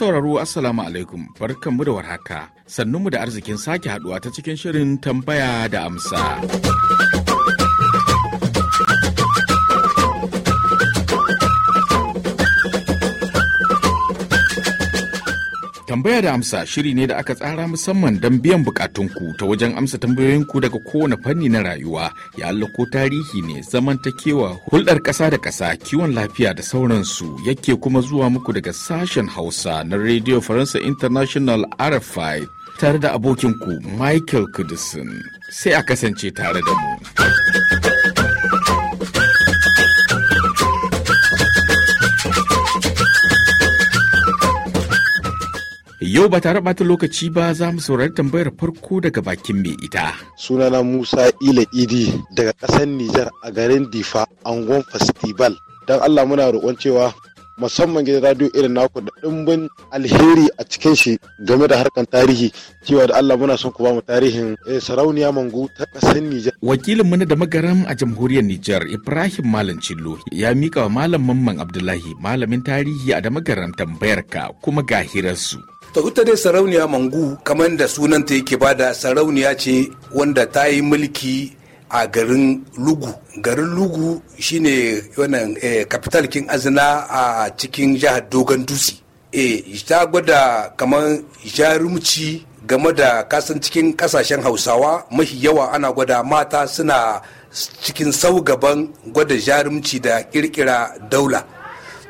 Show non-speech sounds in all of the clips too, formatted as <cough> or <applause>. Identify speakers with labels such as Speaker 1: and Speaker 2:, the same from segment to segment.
Speaker 1: sauraro Assalamu alaikum barkanmu da warhaka sannunmu da arzikin sake haduwa ta cikin shirin tambaya da amsa. Tambaya da amsa shiri ne da aka tsara musamman don biyan bukatunku ta wajen amsa tambayoyinku daga kowane fanni na rayuwa, ya Allah ko tarihi ne zamantakewa hulɗar ƙasa da ƙasa kiwon lafiya da sauransu yake kuma zuwa muku daga sashen Hausa na Radio Faransa International RFI tare da abokinku Michael Kudisin. Sai a kasance tare da mu. Yau ba tare ɓata lokaci ba za mu saurari tambayar farko daga bakin mai ita.
Speaker 2: Sunana Musa Ila Idi daga ƙasar Nijar a garin Difa Angon Festival. Don Allah muna roƙon cewa musamman gidan radio irin naku da ɗimbin alheri a cikin shi game da harkan tarihi cewa da Allah muna son ku ba mu tarihin eh, sarauniya mangu ta ƙasar Nijar.
Speaker 1: Wakilin mu na da magaram a jamhuriyar Nijar Ibrahim Malam Cillo ya mika wa Malam Mamman Abdullahi malamin tarihi a da magaram tambayar ka kuma ga hirarsu.
Speaker 3: to ita dai sarauniya mangu kamar da sunanta yake bada sarauniya ce wanda ta yi mulki a garin lugu garin lugu shine wannan eh, capital king azina a cikin jihar dogon dutse e ta gwada kamar jarumci game da kasan cikin kasashen hausawa mafi yawa ana gwada mata suna cikin sau gaban gwada jarumci da kirkira daula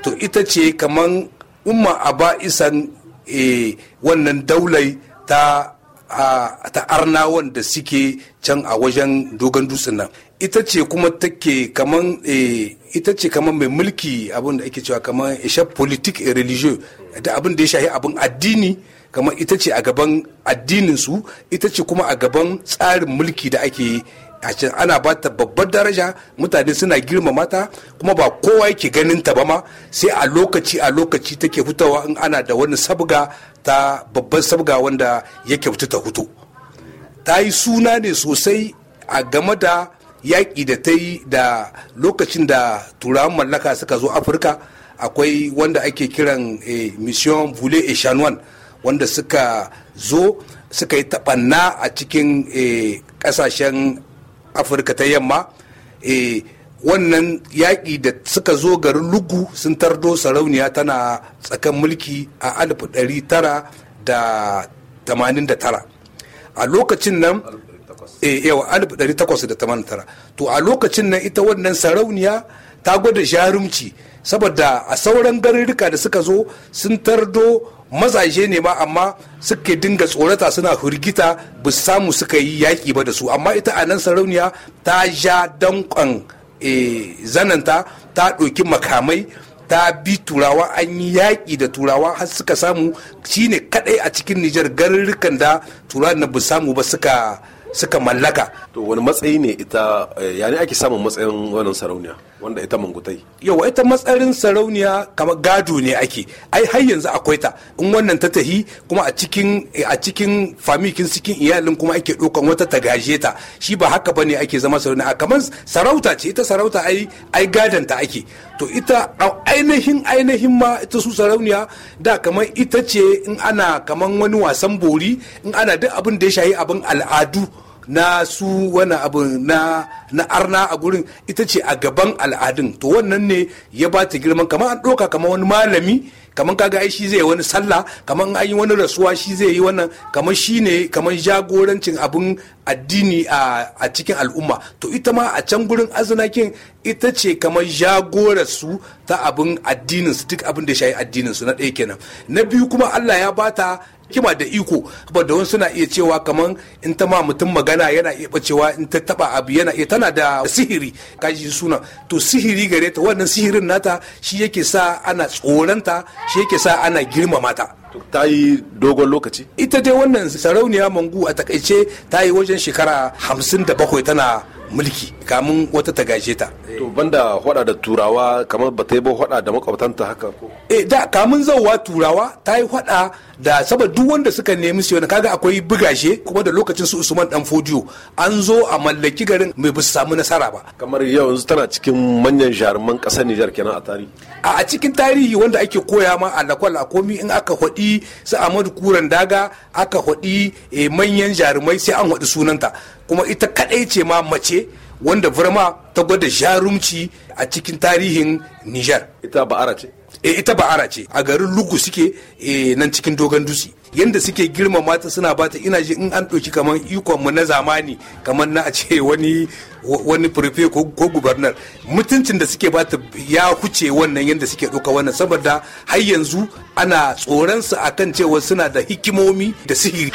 Speaker 3: to ita ce kamar umma a ba isan. E, wannan daulai ta ta arnawan da suke can a wajen dogon dutsen nan ita ce kuma take kaman e, ita ce kaman mai mulki abin da ake cewa kaman ishe politik et religieux da abin da ya shahi abin addini kamar ita ce a gaban addinin su ita ce kuma a gaban tsarin mulki da ake a can ana ba ta babbar daraja mutane suna girmama ta kuma ba kowa yake ganin ta ba ma sai a lokaci a lokaci take hutawa in ana da wani sabga ta babban sabga wanda ya kyautu ta hutu ta yi suna ne sosai a game da yaƙi da ta yi da lokacin da turawan mallaka suka zo afirka akwai wanda ake kiran eh, mission vule e wanda suka zo suka yi taɓanna a cikin eh, ƙasashen afirka ta yamma eh, wannan yaƙi da suka zo garin lugu sun tardo sarauniya tana tsakan mulki a 1989 a lokacin nan eh, yawa 1889 to a lokacin nan ita wannan sarauniya ta gwada jarumci saboda a sauran garirrika da suka zo sun tardo mazaje ne ma amma suke dinga tsorata suna hurgita ba samu suka yi yaƙi ba da su amma ita a nan sarauniya ta ja danƙon eh, zananta ta ɗauki makamai ta bi turawa an yi yaƙi da turawa har suka samu shine kaɗai a cikin nijar garurrukan da turawa na ba samu ba suka suka mallaka to wani matsayi ne ita eh, yani ake samun matsayin wannan sarauniya wanda ita mangutai yawa ita matsarin sarauniya kamar gado ne ake ai har yanzu akwai ta in wannan ta tahi kuma a cikin a cikin famikin cikin iyalin kuma ake dokan wata ta gaje ta shi ba haka bane ake zama sarauniya kamar sarauta ce ita sarauta ai ai gadan ta ake to ita ainihin ainihin ma ita su sarauniya da kamar ita ce in ana kamar wani wasan bori in ana duk abin da ya shayi abin al'adu na su wani abu na na arna a gurin ita ce a gaban al'adun to wannan ne ya ba ta girman kamar an ɗauka kamar wani malami kamar kaga ai shi zai wani sallah kamar an yi wani rasuwa shi zai yi wannan kamar shi ne kamar jagorancin abun addini a cikin al'umma to ita ma a can gurin azunakin ita ce kamar jagorarsu ta abin addinin su duk abin da shayi addinin su na ɗaya kenan na biyu kuma Allah ya bata hikima da iko ba wani suna iya cewa kamar in ta ma mutum magana yana iya bacewa in ta taba abu yana iya tana da sihiri kaji suna to sihiri gare ta wannan sihirin nata shi yake sa ana tsoranta shi yake sa ana girmama ta ta yi dogon lokaci ita dai wannan sarauniya mangu a takaice ta yi wajen shekara hamsin da bakwai tana mulki kamun wata ta gaje ta to banda hwada da turawa kamar ba ta yi ba hwada da makwabtanta haka ko eh da kamun zauwa turawa ta yi hwada da saboda duk wanda suka nemi su kaga akwai bugashe kuma da lokacin su Usman dan Fodiyo an zo a mallaki garin mai bisa samu nasara ba kamar yau yanzu tana cikin manyan jaruman kasar Nijar kenan a tarihi a cikin tarihi wanda ake koya ma a lakwal a komi in aka hwadi su Ahmadu Kuran Daga aka hwadi eh, manyan jarumai sai an hwadi sunanta kuma ita kadai ce ma mace wanda burma ta gwada jarumci a cikin tarihin Nijar. ita ba'ara ce e ita ba'ara ce a garin lugu suke e, nan cikin dogon dusi. yanda suke girmama ta suna bata ina ji in an ɗauki kamar ikon mu na zamani kamar na a ce <laughs> wani wani furfe ko gubernar mutuncin da suke bata ya huce wannan yanda suke ɗauka wannan saboda har yanzu ana tsoron su akan cewa suna da hikimomi da sihiri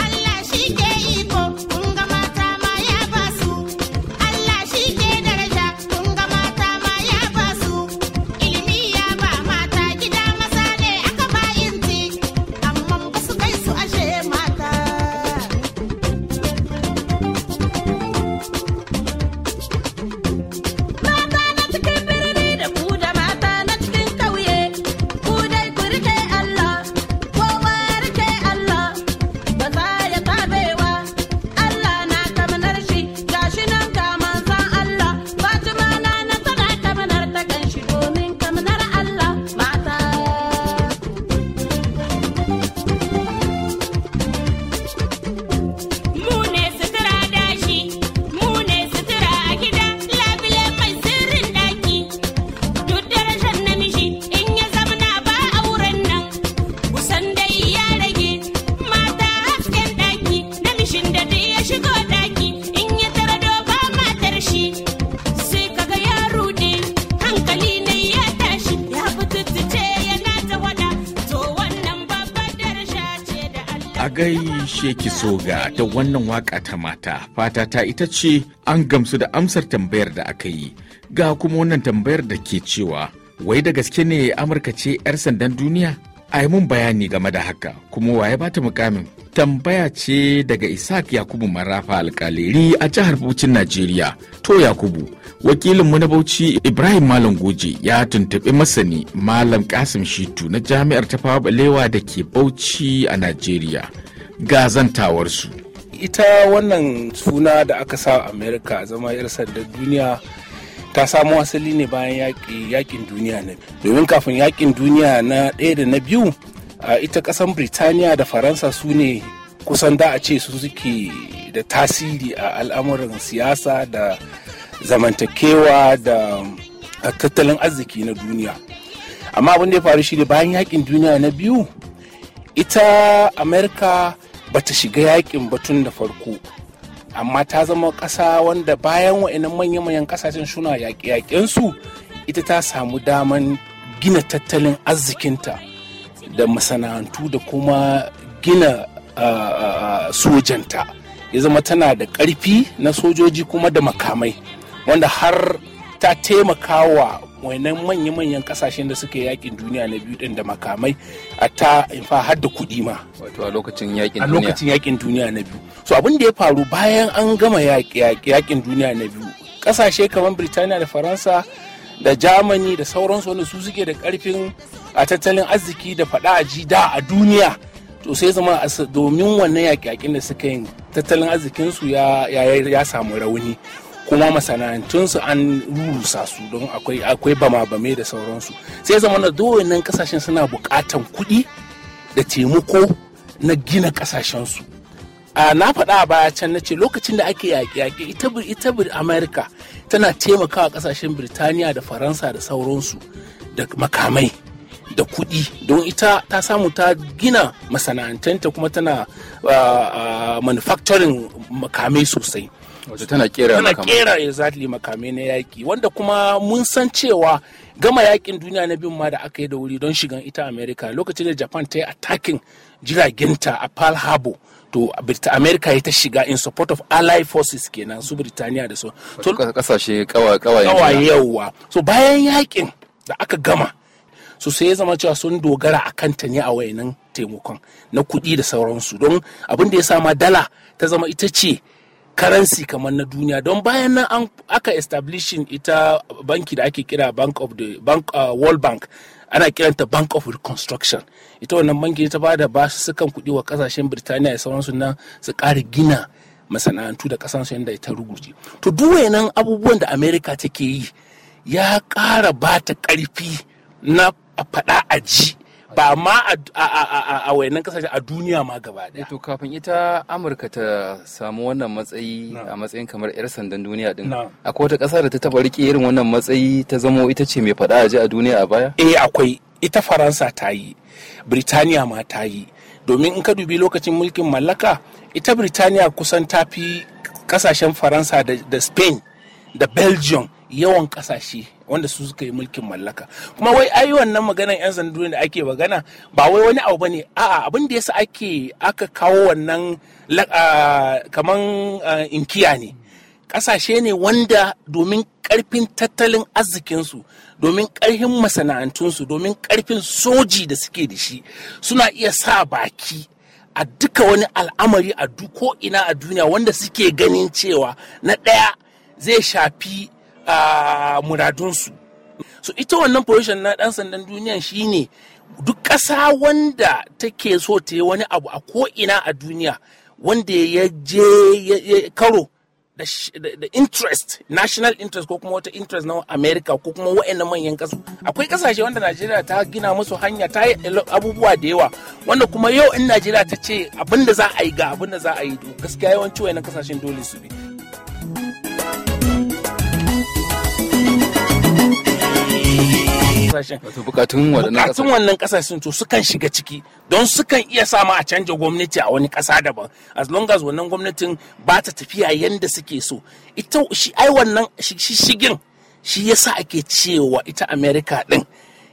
Speaker 1: gaishe ki soga ta wannan waka ta mata fata ta ita ce an gamsu da amsar tambayar da aka yi ga kuma wannan tambayar da ke cewa wai da gaske ne amurka ce 'yar sandan duniya a yi mun bayani game da haka kuma waye bata mukamin tambaya ce daga Isaac Yakubu Marafa alkaleri a jihar Bauchin Najeriya. To Yakubu, wakilinmu na Bauchi Ibrahim Malam Goje ya tuntuɓi masani Malam Kasim Shitu na Jami'ar Tafawa Balewa da ke Bauchi a Najeriya. gazantawarsu.
Speaker 4: Ita wannan suna da aka sa Amerika zama 'yar sandar duniya ta samo asali ne bayan yakin duniya na domin kafin yakin duniya na ɗaya da na biyu a ita kasan Birtaniya da Faransa su ne kusan da a ce su suke da tasiri a al'amuran siyasa da zamantakewa da tattalin arziki na duniya amma abin da ya faru shi ne bayan yakin duniya na biyu ita amerika ba ta shiga yakin batun da farko amma ta zama ƙasa wanda bayan wa'inan manyan manyan ƙasashen suna yaƙe-yaƙensu ita ta samu daman gina tattalin arzikinta da masana'antu da kuma gina sojanta ya zama tana da ƙarfi na sojoji kuma da makamai wanda har ta taimaka wa wainan manya-manyan kasashen da suka yakin duniya na biyu din da makamai a ta infa har da kuɗi ma wato a lokacin yakin duniya a lokacin yakin duniya na biyu so abin da ya faru bayan an gama yakin duniya na biyu kasashe kamar Birtaniya da Faransa da Germany da sauransu wanda su suke da karfin a tattalin arziki da faɗa a ji da a duniya to sai zama domin wannan yaƙe da suka yi, tattalin arzikinsu ya samu rauni kuma masana'antunsu an rurusa su don akwai bama-bame da sauransu sai zama na nan kasashen suna buƙatan kuɗi da taimako na gina kasashensu na faɗa a baya can na ce lokacin da ake yaƙe-yaƙe ita ita amerika tana taimakawa kasashen birtaniya da faransa da sauransu da makamai da kuɗi don ita ta samu ta gina masana'antanta kuma tana ah, ah, manufacturing makamai sosai wato tana kera tana kera exactly makamai na yaƙi wanda kuma mun san cewa gama yaƙin duniya na bin ma da aka yi da wuri don shigan ita america lokacin da japan ta yi attacking jiraginta a pearl harbor to america ya ta shiga in support of allied forces kenan su birtaniya da so kasashe kawai yawa so bayan yaƙin da aka gama su sai zama cewa sun dogara a kanta ne a wayannan taimakon na kuɗi da sauransu don abin da ya sama dala ta zama ita ce karansi kamar na duniya don bayan nan aka establishin ita banki da ake kira bank of the bank uh, world bank ana kiranta bank of reconstruction ita wannan banki ta ba da basu sukan kuɗi wa kasashen birtaniya da sauransu nan su ƙara gina masana'antu da kasansu yadda ta rubuce to duk nan abubuwan da america take yi ya ƙara ba ta ƙarfi na a faɗa a ji ba ma a wayannan kasashe a duniya ma gaba daya. Eh to kafin ita amurka ta samu wannan matsayi a matsayin kamar 'yar sandan duniya din akwai wata ƙasa da ta taɓa riƙe irin wannan matsayi ta zamo ita ce mai faɗa a ji a duniya a baya eh akwai ita faransa ta yi birtaniya ma ta yi domin in ka dubi lokacin mulkin mallaka ita birtaniya kusan ta fi kasashen faransa da spain da belgium yawan ƙasashe. wanda su suka yi mulkin mallaka kuma wai ai wannan maganan yan sanda da ake magana ba wai wani abu bane a'a abin da yasa ake aka kawo wannan kaman inkiya ne kasashe ne wanda domin karfin tattalin arzikinsu domin karfin masana'antunsu domin karfin soji da suke da shi suna iya sa baki a duka wani al'amari a ko ina a duniya wanda suke ganin cewa na ɗaya zai shafi a muradunsu so ita wannan position na dan sandan duniyan shine duk ƙasa wanda take so ta yi wani abu a ko'ina a duniya wanda ya je karo da interest national interest ko kuma wata interest na america ko kuma wa'annan manyan kasu akwai kasashe wanda najeriya ta gina musu hanya ta yi abubuwa da yawa wanda kuma yau in najeriya ta ce abinda za a yi ga abinda za a yi gaskiya yawanci wa'annan kasashen dole su bi kasashen bukatun wannan kasashen to sukan shiga ciki don sukan iya sama a canja gwamnati a wani kasa daban as long as wannan gwamnatin ba ta tafiya yadda suke so ita shi ai wannan shigin shi yasa ake cewa ita america din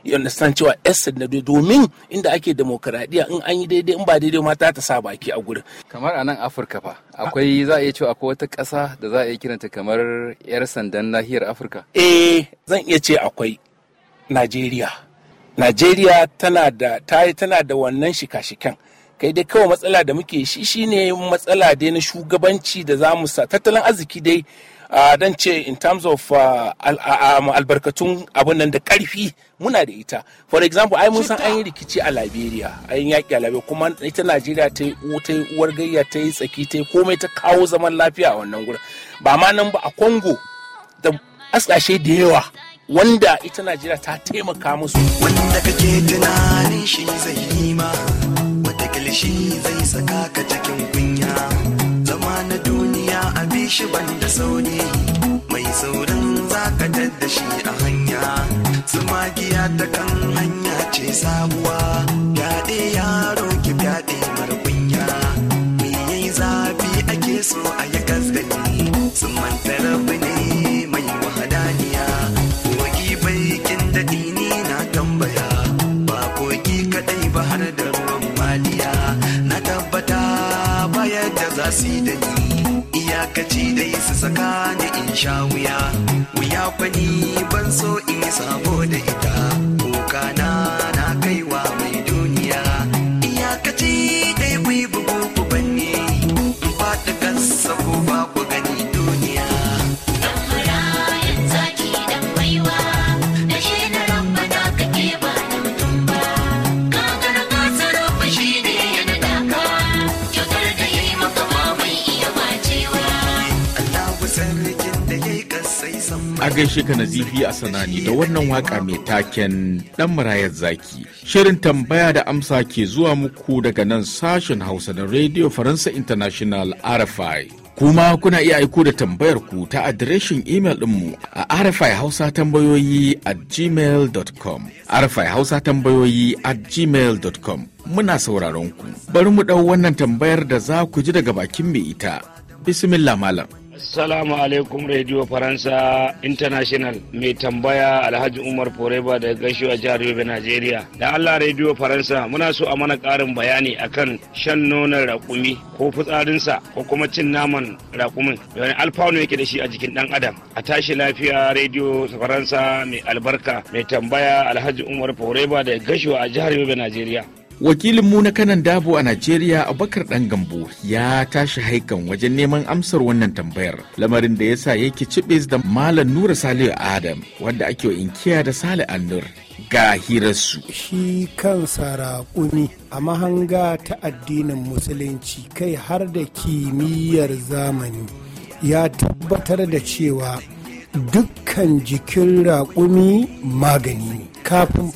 Speaker 4: you understand cewa s na domin inda ake demokaradiyya in an yi daidai in ba daidai ma ta sa baki a gurin kamar a nan afirka fa akwai za a iya cewa akwai wata ƙasa da za a iya kiranta kamar yar sandan nahiyar afirka eh zan iya ce akwai Najeriya. Najeriya tana da tana da wannan shika-shikan. Kai dai kawai matsala da muke shi shine matsala dai na shugabanci da za mu sa tattalin arziki dai dan ce in terms of albarkatun abin nan da karfi muna da ita for example ai mun san an yi rikici a liberia an yi yaƙi a liberia kuma ita najeriya ta yi uwar gayya ta yi tsaki ta yi komai ta kawo zaman lafiya a wannan gurin ba ma nan ba a congo da asƙashe da yawa wanda ita najeriya ta taimaka musu wanda kake tunanin shi zai yi ma wata shi zai saka ka cikin
Speaker 2: kunya zama na duniya a bishi banda sauni mai saurin zaka dadda shi a hanya zuma giya ta kan hanya ce sabuwa yaɗe yaro lokaci dai su saka ni in sha wuya wuya kwani ban so in yi sabo da ita
Speaker 1: A gaishe ka nazifi a sanani da wannan waka mai taken dan marayar zaki. Shirin tambaya da amsa ke zuwa muku daga nan sashen Hausa na Radio Faransa International RFI. Kuma kuna iya aiko da tambayar ku ta adireshin imel ɗinmu a RFI Hausa tambayoyi at gmail.com. RFI Hausa tambayoyi at gmail.com. Muna sauraron ku. Bari mu ɗau wannan tambayar da za ku ji daga bakin mai ita. Bismillah Malam.
Speaker 3: Salamu alaikum Radio Faransa International mai tambaya Alhaji Umar Foreba daga gaisho a jihar Yobe, Najeriya. Da Allah Radio Faransa muna so a mana ƙarin bayani akan shan nonon rakumi ko fitsarinsa ko kuma cin naman raƙumin da wani alfanu yake da shi a jikin ɗan adam. A tashi lafiya Radio Faransa mai albarka mai tambaya Alhaji Umar Foreba daga gaisho a jihar Yobe, Najeriya.
Speaker 1: wakilinmu na kanan dabo a najeriya abubakar dan gambo ya tashi haikan wajen neman amsar wannan tambayar lamarin da ya sa yake cibis da malam nura saliu adam wanda ake wa inkiya da sale annur ga hirarsu
Speaker 2: shi kan raƙumi a mahanga ta addinin musulunci kai har da kimiyyar zamani ya tabbatar da cewa dukkan jikin raƙumi magani ne kafin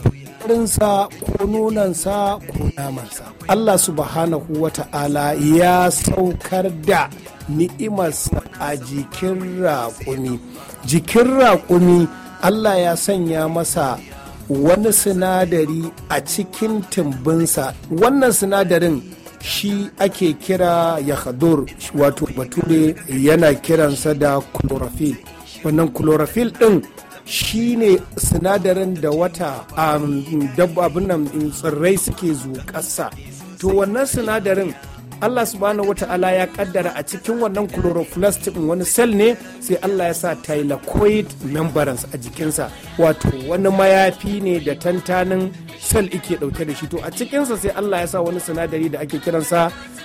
Speaker 2: fitsarinsa ko nonansa ko namansa Allah subhanahu wa ta'ala ya saukar da ni'imarsa a jikin raƙumi jikin raƙumi Allah ya sanya masa wani sinadari a cikin timbinsa wannan sinadarin shi ake kira yahadur wato bature yana kiransa da chlorophyll wannan chlorophyll din shine sinadarin da wata dabbabin nan tsirrai suke kasa to wannan sinadarin Allah subhanahu wata'ala ya kaddara a cikin wannan chloroplast wani sel ne sai Allah ya sa thylakoid membranes a jikinsa wato wani mayafi ne da tantanin sel ike dauke da shi to a cikinsa sai Allah ya sa wani sinadari da ake kiransa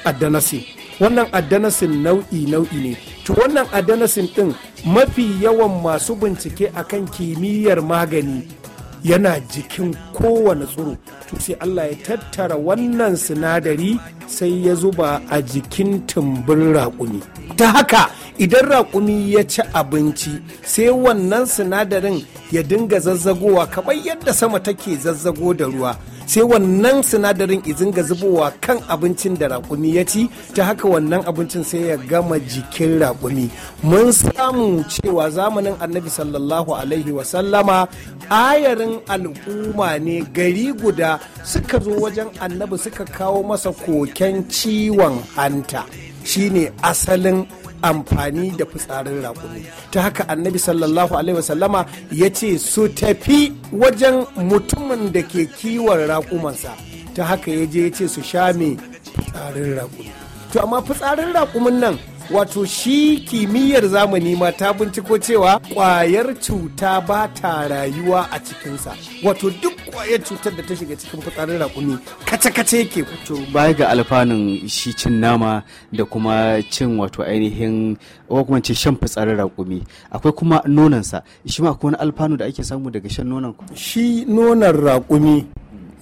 Speaker 2: adenosine wannan adanasin nau'i nau'i ne to wannan adanasin din mafi yawan masu bincike akan kimiyyar magani yana jikin kowane tsoro, to sai Allah ya tattara wannan sinadari sai ya zuba a jikin tumbin raƙumi ta haka idan raƙumi ya ci abinci sai wannan sinadarin ya dinga zazzagowa kamar yadda sama take zazzago da ruwa sai wannan sinadarin izinga zubowa kan abincin da raƙumi ya ci ta haka wannan abincin sai ya gama jikin raƙumi mun samu cewa zamanin annabi sallallahu alaihi wasallama ayarin al'umma ne gari guda suka zo wajen annabi suka kawo masa koken ciwon hanta shine asalin amfani da fitsarin raƙumi ta haka annabi sallallahu alaihi wasallama ya ce su tafi wajen mutumin da ke kiwon raƙumansa ta haka ya je ya ce su sha me fitsarin raƙumi to amma fitsarin raƙumin nan wato shi kimiyyar zamani ma ta binciko cewa kwayar cuta ba ta rayuwa a cikinsa wato duk kwayar cutar da ta shiga cikin fitsarin rakumi kace-kace yake kuto baya ga alfanun shi cin nama da kuma cin wato ainihin ko kuma ce shan fitsarin rakumi akwai kuma nonansa shi ma akwai wani alfanu da ake samu daga shan nonan shi nonan raƙumi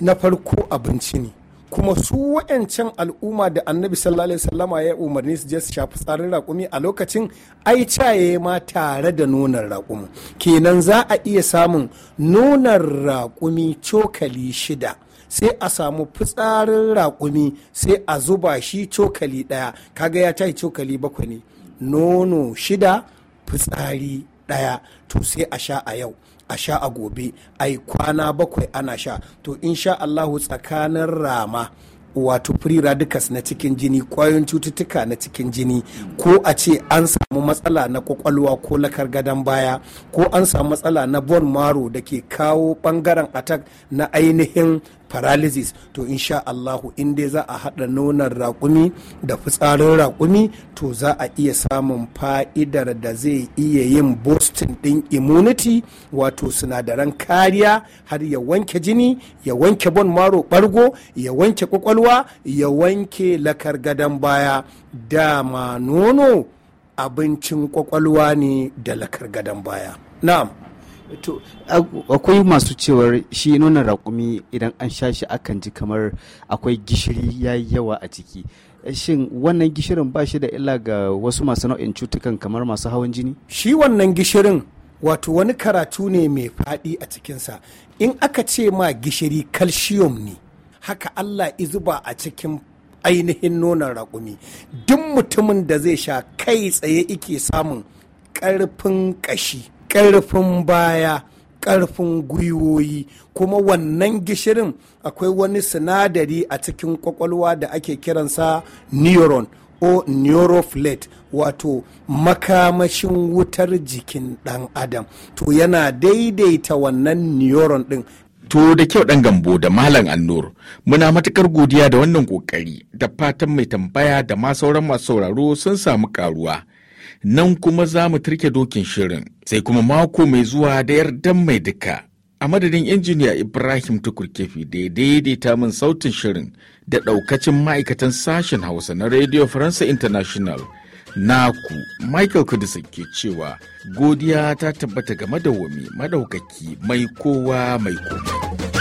Speaker 2: na farko abinci ne kuma su wa'ancan al'umma da annabi sallallahu alaihi wasallama ya umarni su je su shafi tsarin raƙumi a lokacin ai caye ma tare da nonon raƙumi kenan za a iya samun nonon raƙumi cokali shida sai a samu fitsarin raƙumi sai a zuba shi cokali ɗaya kaga ya tayi cokali bakwai ne nono shida fitsari ɗaya to sai a sha a yau a sha a gobe ai kwana bakwai ana sha to in insha Allahu tsakanin rama wato free radicals na cikin jini kwayoyin cututtuka na cikin jini ko a ce an samu matsala na kwakwalwa ko lakar gadon baya ko an samu matsala na bone marrow da ke kawo bangaren attack na ainihin paralysis to insha Allahu in dai za a haɗa nonon raƙumi da fitsarin raƙumi to za a iya samun fa'idar da zai iya yin boosting ɗin immunity wato sinadaran kariya har ya wanke jini ya wanke bon maro ɓargo ya wanke ƙwaƙwalwa ya wanke lakar gadon baya dama nono abincin ƙwaƙwalwa ne da lakar gadon baya na'am akwai masu cewar shi nuna raƙumi idan an sha shi akan ji kamar akwai gishiri ya yi yawa a ciki shin wannan gishirin ba shi da illa ga wasu masu nau'in cutukan kamar masu hawan jini shi wannan gishirin wato wani karatu ne mai faɗi a cikinsa in aka ce ma gishiri calcium ne haka allah izuba a cikin ainihin nonon raƙumi duk mutumin da zai sha kai tsaye ike samun ƙarfin ƙashi ƙarfin baya ƙarfin gwiwoyi kuma wannan gishirin akwai wani sinadari a cikin kwakwalwa da ake kiransa neuron o neuroflate wato makamashin wutar jikin ɗan adam
Speaker 1: to yana daidaita wannan neuron ɗin To da kyau ɗan gambo da Malam Annur, muna matukar godiya da wannan ƙoƙari da fatan mai tambaya da ma sauran masu sauraro sun samu ƙaruwa. nan kuma za mu turke dokin shirin sai kuma mako mai zuwa da yardan mai duka a madadin injiniya ibrahim tukurkefi da ya daidaita min sautin shirin da daukacin ma'aikatan sashen hausa na radio faransa international naku michael kudisa ke cewa godiya ta tabbata game da wami madaukaki mai kowa mai komai